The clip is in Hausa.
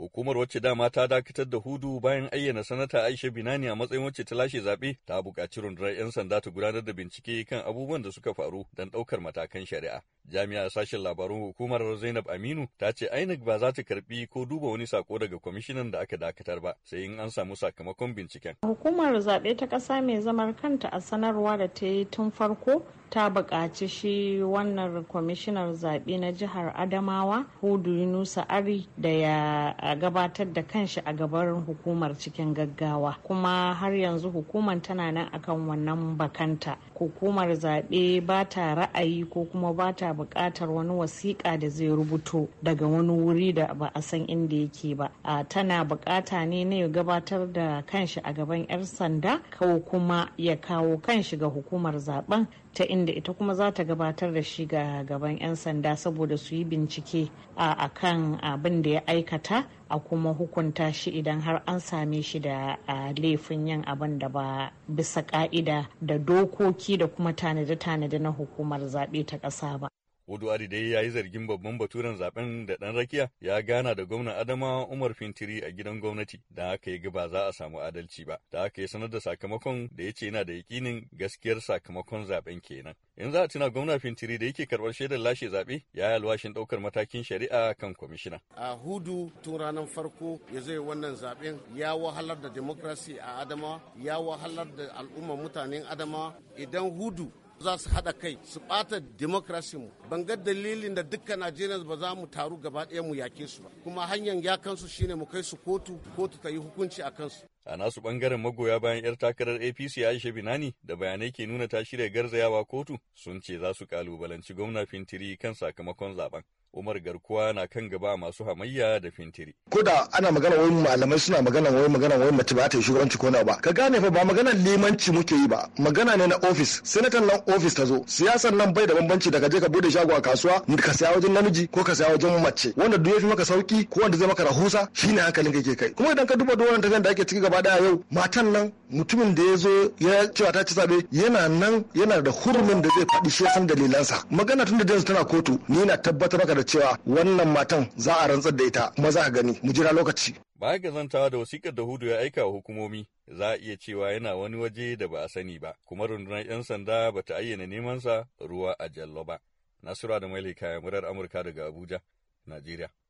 Hukumar wacce dama ta dakatar da hudu bayan ayyana sanata Aisha Binani a matsayin wacce ta lashe zaɓe ta buƙaci rundunar 'yan sanda ta gudanar da bincike kan abubuwan da suka faru don ɗaukar matakan shari'a. Jami'a sashen labarun hukumar Zainab Aminu ta ce INEC ba za ta karbi ko duba wani sako daga kwamishinan da aka dakatar ba sai in an samu sakamakon binciken. Hukumar zaɓe ta ƙasa mai zamar kanta a sanarwa da ta yi tun farko ta buƙaci shi wannan kwamishinar zaɓe na jihar adamawa hudu yunusa ari da ya gabatar da kanshi a gaban hukumar cikin gaggawa kuma har yanzu hukumar tana nan akan wannan bakanta hukumar zaɓe ba ta ra'ayi ko kuma ba ta buƙatar wani wasiƙa da zai rubuto daga wani wuri da ba a san inda yake ba a tana buƙata ne na ya gabatar da kanshi a gaban 'yar sanda ko kuma ya kawo kanshi ga hukumar zaɓen ta inda da ita kuma za ta gabatar da shi ga gaban 'yan sanda saboda su yi bincike a kan abin da ya aikata a kuma hukunta shi idan har an same shi da laifin yin abin da ba bisa ka'ida da dokoki da kuma tanade-tanade na hukumar zaɓe ta ƙasa ba. Oduwari dai ya yi zargin babban baturen zaben da ɗan rakiya ya gana da gwamnan Adama Umar Fintiri a gidan gwamnati da haka yi ga ba za a samu adalci ba. Da haka yi sanar da sakamakon da ya ce yana da yakinin gaskiyar sakamakon zaben kenan. In za a tuna gwamna Fintiri da yake karɓar shaidar lashe zaɓe ya yi alwashin ɗaukar matakin shari'a kan kwamishina. A hudu tun ranar farko ya zai wannan zaben ya wahalar da demokrasi a adama ya wahalar da al'ummar mutanen adama idan hudu za su haɗa kai su ɓata demokrasinmu ban ga dalilin da dukkan Najeriya ba za mu taru gaba ɗaya mu yake su ba kuma hanyar ya kansu shine mu kai su kotu kotu ta yi hukunci a kansu a nasu ɓangaren magoya bayan 'yar takarar apc aisha binani da bayanai ke nuna ta shirya garzayawa kotu sun ce za su kalubalanci gwamna fintiri kan sakamakon zaben Umar Garkuwa na kan gaba masu hamayya da fintiri. Ko da ana magana wai malamai suna magana wai magana wai mace ba ta yi shugabanci ko ba. Ka gane fa ba magana limanci muke yi ba, magana ne na ofis. Senator nan ofis ta zo. Siyasar nan bai da bambanci daga je ka bude shago a kasuwa, ka saya wajen namiji ko ka saya wajen mace. Wanda duk ya fi maka sauki ko wanda zai maka rahusa shine hankalin kake kai. Kuma idan ka duba duk wannan tafiyar da ake ciki gaba daya yau, matan nan mutumin da ya zo ya cewa ta ci sabe yana nan yana da hurumin da zai faɗi shi san dalilansa. Magana tun da tana kotu ni na tabbatar maka da cewa wannan matan za a rantsar da ita kuma za a gani mu jira lokaci baya ga zantawa da wasikar da hudu ya aika wa hukumomi za a iya cewa yana wani waje da ba a sani ba kuma rundunar 'yan sanda ba ta ayyana nemansa ruwa a jallo ba nasura da mailika murar amurka daga abuja najeriya